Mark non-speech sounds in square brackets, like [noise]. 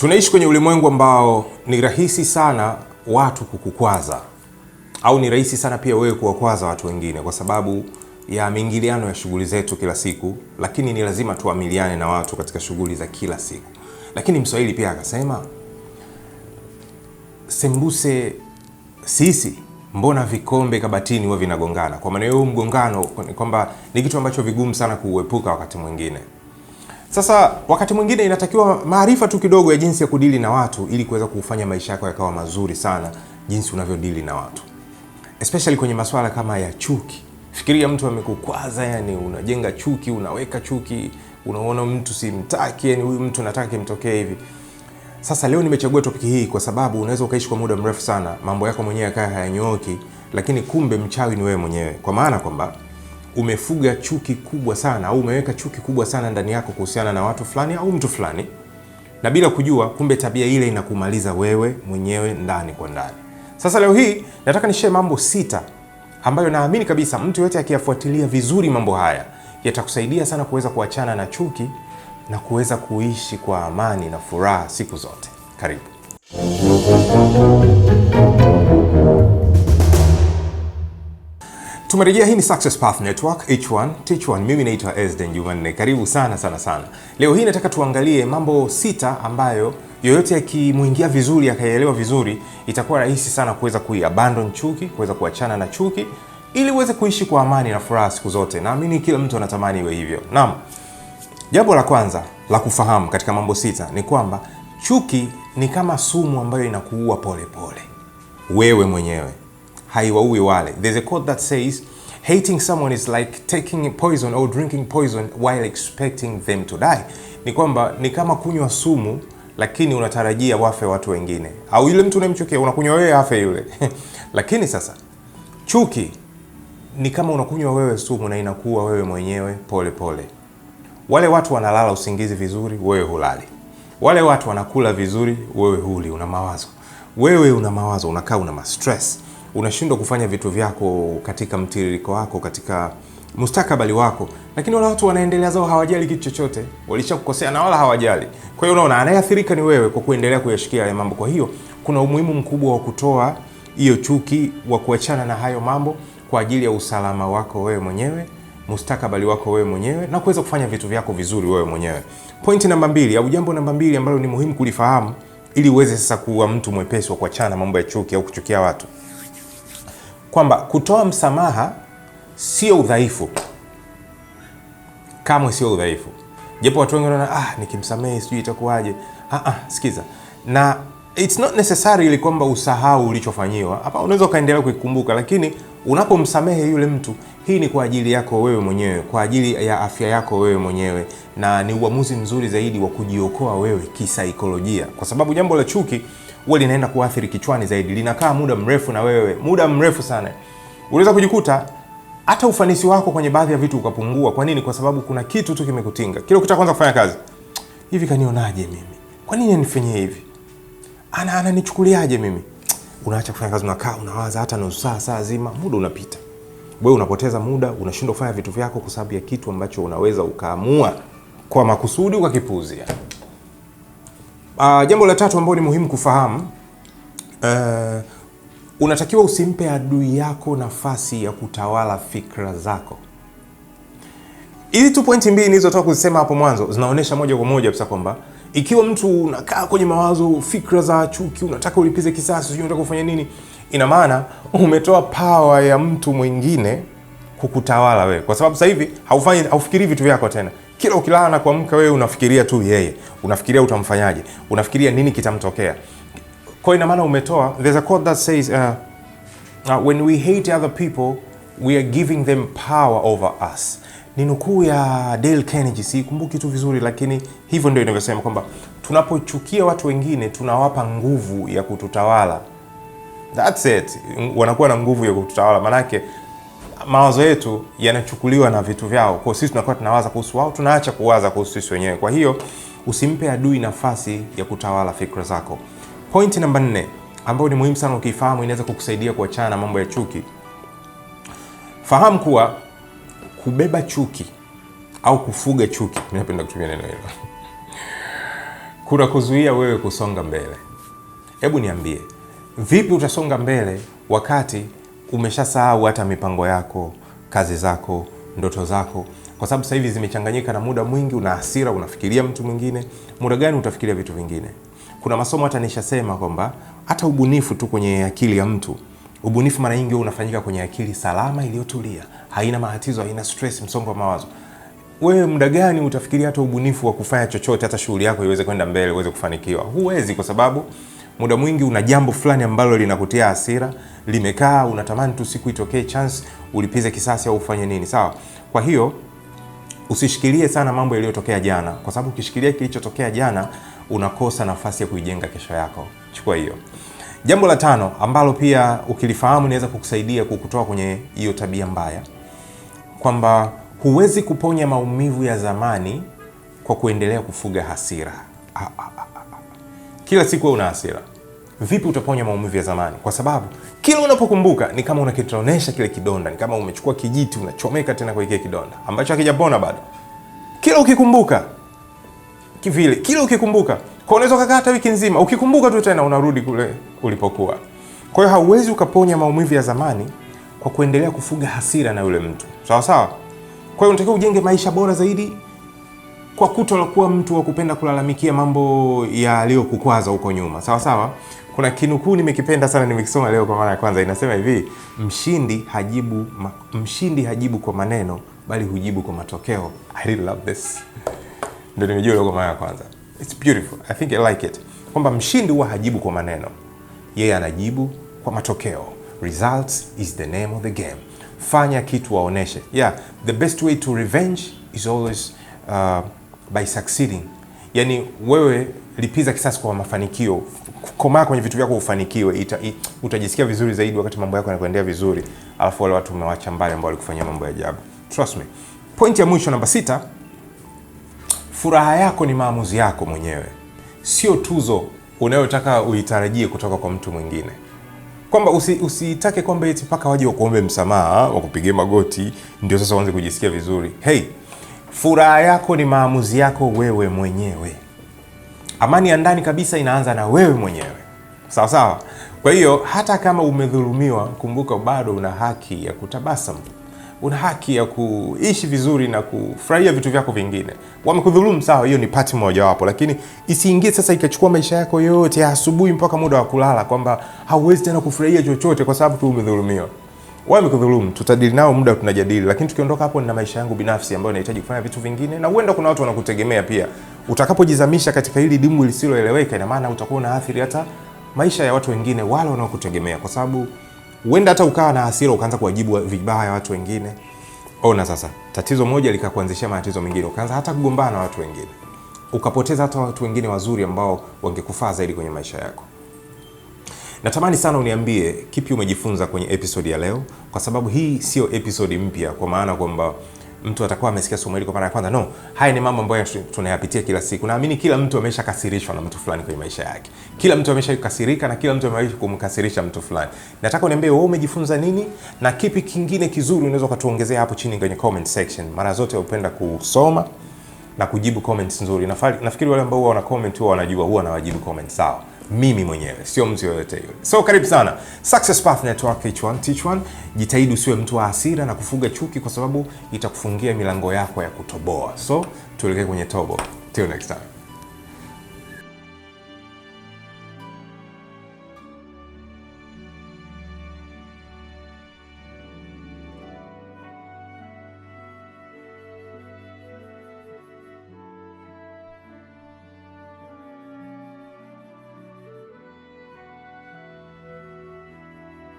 Tunaishi kwenye ulimwengu ambao ni rahisi sana watu kukukwaza au ni rahisi sana pia wewe kuwakwaza watu wengine kwa sababu ya miingiliano ya shughuli zetu kila siku, lakini ni lazima tuamiliane na watu katika shughuli za kila siku. Lakini Mswahili pia akasema, sembuse sisi mbona vikombe kabatini huwa vinagongana. Kwa maana hiyo, mgongano kwamba ni kitu ambacho vigumu sana kuuepuka wakati mwingine. Sasa wakati mwingine inatakiwa maarifa tu kidogo ya jinsi ya kudili na watu ili kuweza kufanya maisha yako yakawa mazuri sana, jinsi unavyodili na watu especially kwenye masuala kama ya chuki. Fikiria mtu amekukwaza, yani unajenga chuki, unaweka chuki, unaona mtu simtaki, yani huyu mtu nataka kimtokee hivi. Sasa leo nimechagua topiki hii kwa sababu unaweza ukaishi kwa muda mrefu sana, mambo yako mwenyewe yakaa hayanyooki, lakini kumbe mchawi ni wewe mwenyewe, kwa maana kwamba umefuga chuki kubwa sana au umeweka chuki kubwa sana ndani yako kuhusiana na watu fulani au mtu fulani, na bila kujua, kumbe tabia ile inakumaliza wewe mwenyewe ndani kwa ndani. Sasa leo hii nataka nishare mambo sita ambayo naamini kabisa mtu yote akiyafuatilia vizuri mambo haya yatakusaidia sana kuweza kuachana na chuki na kuweza kuishi kwa amani na furaha siku zote. Karibu. Tumerejea. Hii ni Success Path Network, H1 teach one. Mimi naitwa Esden Jumanne, karibu sana sana sana. Leo hii nataka tuangalie mambo sita ambayo yoyote akimuingia vizuri akaelewa vizuri, itakuwa rahisi sana kuweza kuiabandon chuki, kuweza kuachana na chuki ili uweze kuishi kwa amani na furaha siku zote. Naamini kila mtu anatamani iwe hivyo. Naam, jambo la kwanza la kufahamu katika mambo sita ni kwamba chuki ni kama sumu ambayo inakuua polepole wewe mwenyewe haiwaui wale. There's a quote that says hating someone is like taking poison or drinking poison while expecting them to die. Ni kwamba ni kama kunywa sumu lakini unatarajia wafe watu wengine, au yule mtu unayemchukia unakunywa wewe afe yule [laughs] lakini sasa chuki ni kama unakunywa wewe sumu na inakuwa wewe mwenyewe pole pole. Wale watu wanalala usingizi vizuri, wewe hulali. Wale watu wanakula vizuri, wewe huli, una mawazo. Wewe una mawazo, unakaa una stress unashindwa kufanya vitu vyako katika mtiririko wako, katika mustakabali wako, lakini wala watu wanaendelea zao, hawajali kitu chochote, walishakukosea na wala hawajali. Kwa hiyo unaona, anayeathirika ni wewe kwa kuendelea kuyashikia haya mambo. Kwa hiyo kuna umuhimu mkubwa wa kutoa hiyo chuki, wa kuachana na hayo mambo kwa ajili ya usalama wako wewe mwenyewe, mustakabali wako wewe mwenyewe, na kuweza kufanya vitu vyako vizuri wewe mwenyewe. point namba mbili au jambo namba mbili ambalo ni muhimu kulifahamu ili uweze sasa kuwa mtu mwepesi wa kuachana mambo ya chuki au kuchukia watu kwamba kutoa msamaha sio udhaifu, kamwe sio udhaifu, japo watu wengi wanaona ah, nikimsamehe sijui itakuwaje. Ah, ah, sikiza na it's not ili kwamba usahau ulichofanyiwa hapa, unaweza ukaendelea kuikumbuka, lakini Unapomsamehe yule mtu, hii ni kwa ajili yako wewe mwenyewe, kwa ajili ya afya yako wewe mwenyewe, na ni uamuzi mzuri zaidi wa kujiokoa wewe kisaikolojia, kwa sababu jambo la chuki huwa linaenda kuathiri kichwani zaidi, linakaa muda mrefu na wewe, muda mrefu sana. Unaweza kujikuta hata ufanisi wako kwenye baadhi ya vitu ukapungua. Kwa nini? Kwa sababu kuna kitu tu kimekutinga. Kile kwanza kufanya kazi hivi, kanionaje mimi? Kwa nini anifanyie hivi? Ana ananichukuliaje mimi? unaacha kufanya kazi, unakaa unawaza hata nusu saa, saa zima, muda unapita. Wewe unapoteza muda, unashindwa kufanya vitu vyako kwa sababu ya kitu ambacho unaweza ukaamua kwa makusudi ukakipuzia Uh, ah, jambo la tatu ambalo ni muhimu kufahamu uh, unatakiwa usimpe adui yako nafasi ya kutawala fikra zako. Hizi tu pointi mbili nilizotoka kuzisema hapo mwanzo zinaonyesha moja kwa moja kabisa kwamba ikiwa mtu unakaa kwenye mawazo, fikra za chuki, unataka ulipize kisasi, sijui unataka kufanya nini, ina maana umetoa pawa ya mtu mwingine kukutawala wewe, kwa sababu sasa hivi haufanyi, haufikiri vitu vyako tena. Kila ukilala na kuamka, wewe unafikiria tu yeye, unafikiria utamfanyaje, unafikiria nini kitamtokea. Kwa ina maana umetoa, there's a quote that says uh, uh, when we hate other people we are giving them power over us ni nukuu ya Dale Carnegie, sikumbuki tu vizuri, lakini hivyo ndio inavyosema kwamba tunapochukia watu wengine tunawapa nguvu ya kututawala. That's it, wanakuwa na nguvu ya kututawala, maanake mawazo yetu yanachukuliwa na vitu vyao, kwa sisi tunakuwa tunawaza kuhusu wao, tunaacha kuwaza kuhusu sisi wenyewe. Kwa hiyo usimpe adui nafasi ya kutawala fikra zako. Point namba nne ambayo ni muhimu sana ukifahamu inaweza kukusaidia kuachana na mambo ya chuki. Fahamu kuwa kubeba chuki au kufuga chuki, mi napenda kutumia neno hilo kuna kuzuia wewe kusonga mbele. Hebu niambie, vipi utasonga mbele wakati umeshasahau hata mipango yako, kazi zako, ndoto zako, kwa sababu sasa hivi zimechanganyika na muda mwingi. Una hasira, unafikiria mtu mwingine, muda gani utafikiria vitu vingine? Kuna masomo hata nishasema kwamba hata ubunifu tu kwenye akili ya mtu Ubunifu mara nyingi unafanyika kwenye akili salama iliyotulia, haina matatizo, haina stress, msongo wa mawazo. Wewe muda gani utafikiria hata ubunifu wa kufanya chochote, hata shughuli yako iweze kwenda mbele, uweze kufanikiwa? Huwezi, kwa sababu muda mwingi una jambo fulani ambalo linakutia hasira, limekaa, unatamani tu siku itokee chance ulipize kisasi au ufanye nini, sawa? Kwa hiyo usishikilie sana mambo yaliyotokea jana, kwa sababu ukishikilia kilichotokea jana unakosa nafasi ya kuijenga kesho yako. Chukua hiyo. Jambo la tano ambalo pia ukilifahamu inaweza kukusaidia kukutoa kwenye hiyo tabia mbaya, kwamba huwezi kuponya maumivu ya zamani kwa kuendelea kufuga hasira. Ah, ah, ah, ah. ah. Kila siku una hasira, vipi utaponya maumivu ya zamani? Kwa sababu kila unapokumbuka ni kama unakitonesha kile kidonda, ni kama umechukua kijiti unachomeka tena kwa kile kidonda ambacho hakijapona bado, kila ukikumbuka kivile kile ukikumbuka. Kwa unaweza kukaa hata wiki nzima ukikumbuka tu, tena unarudi kule ulipokuwa. Kwa hiyo hauwezi ukaponya maumivu ya zamani kwa kuendelea kufuga hasira na yule mtu, sawa sawa. Kwa hiyo unatakiwa ujenge maisha bora zaidi kwa kutokuwa mtu wa kupenda kulalamikia mambo yaliyokukwaza huko nyuma, sawa sawa. Kuna kinukuu nimekipenda sana, nimekisoma leo kwa mara ya kwanza. Inasema hivi, mshindi hajibu, mshindi hajibu kwa maneno, bali hujibu kwa matokeo. I really love this ndo nimejua logo mara ya kwanza. It's beautiful. I think I like it. Kwamba mshindi huwa hajibu kwa maneno. Yeye anajibu kwa matokeo. Results is the name of the game. Fanya kitu waoneshe. Yeah, the best way to revenge is always uh, by succeeding. Yaani wewe lipiza kisasi kwa mafanikio. Komaa kwenye vitu vyako ufanikiwe. Ita, it, utajisikia vizuri zaidi wakati mambo yako yanakuendea vizuri. Alafu wale watu umewacha mbali ambao walikufanyia mambo ya ajabu. Trust me. Point ya mwisho namba sita Furaha yako ni maamuzi yako mwenyewe, sio tuzo unayotaka uitarajie kutoka kwa mtu mwingine, kwamba usiitake usi kwamba eti mpaka waje wakuombe msamaha, ah, wakupigie magoti ndio sasa uanze kujisikia vizuri. Hey, furaha yako ni maamuzi yako wewe mwenyewe. Amani ya ndani kabisa inaanza na wewe mwenyewe, sawa sawa. Kwa hiyo hata kama umedhulumiwa, kumbuka bado una haki ya kutabasamu una haki ya kuishi vizuri na kufurahia vitu vyako vingine. Wamekudhulumu sawa, hiyo ni pati mojawapo, lakini isiingie sasa ikachukua maisha yako yote ya asubuhi mpaka muda wa kulala, kwamba hauwezi tena kufurahia chochote kwa sababu tu umedhulumiwa. Wamekudhulumu, tutadili nao muda tunajadili, lakini tukiondoka hapo, nina maisha yangu binafsi ambayo nahitaji kufanya vitu vingine, na huenda kuna watu wanakutegemea pia. Utakapojizamisha katika hili dimu lisiloeleweka, ina maana utakuwa unaathiri hata maisha ya watu wengine wale wanaokutegemea kwa sababu Huenda hata ukawa na hasira ukaanza kuwajibu vibaya watu wengine. Ona sasa, tatizo moja likakuanzishia matatizo mengine, ukaanza hata kugombana na watu wengine, ukapoteza hata watu wengine wazuri ambao wangekufaa zaidi kwenye maisha yako. Natamani sana uniambie kipi umejifunza kwenye episodi ya leo, kwa sababu hii sio episodi mpya, kwa maana kwamba mtu atakuwa amesikia somo hili kwa mara ya kwanza. No, haya ni mambo ambayo tunayapitia kila siku. Naamini kila mtu ameshakasirishwa na mtu fulani kwenye maisha yake, kila mtu ameshakasirika na kila mtu amewahi kumkasirisha mtu fulani. Nataka uniambie wewe umejifunza nini na kipi kingine kizuri unaweza kutuongezea hapo chini kwenye comment section. Mara zote upenda kusoma na kujibu comments nzuri. Nafikiri wale ambao huwa wana comment huwa wanajua huwa wanawajibu comments sawa mimi mwenyewe, sio mtu yoyote yule. So karibu sana Success Path Network, each one teach one. Jitahidi usiwe mtu wa hasira na kufuga chuki, kwa sababu itakufungia milango yako ya kutoboa. So tuelekee kwenye tobo. Till next time.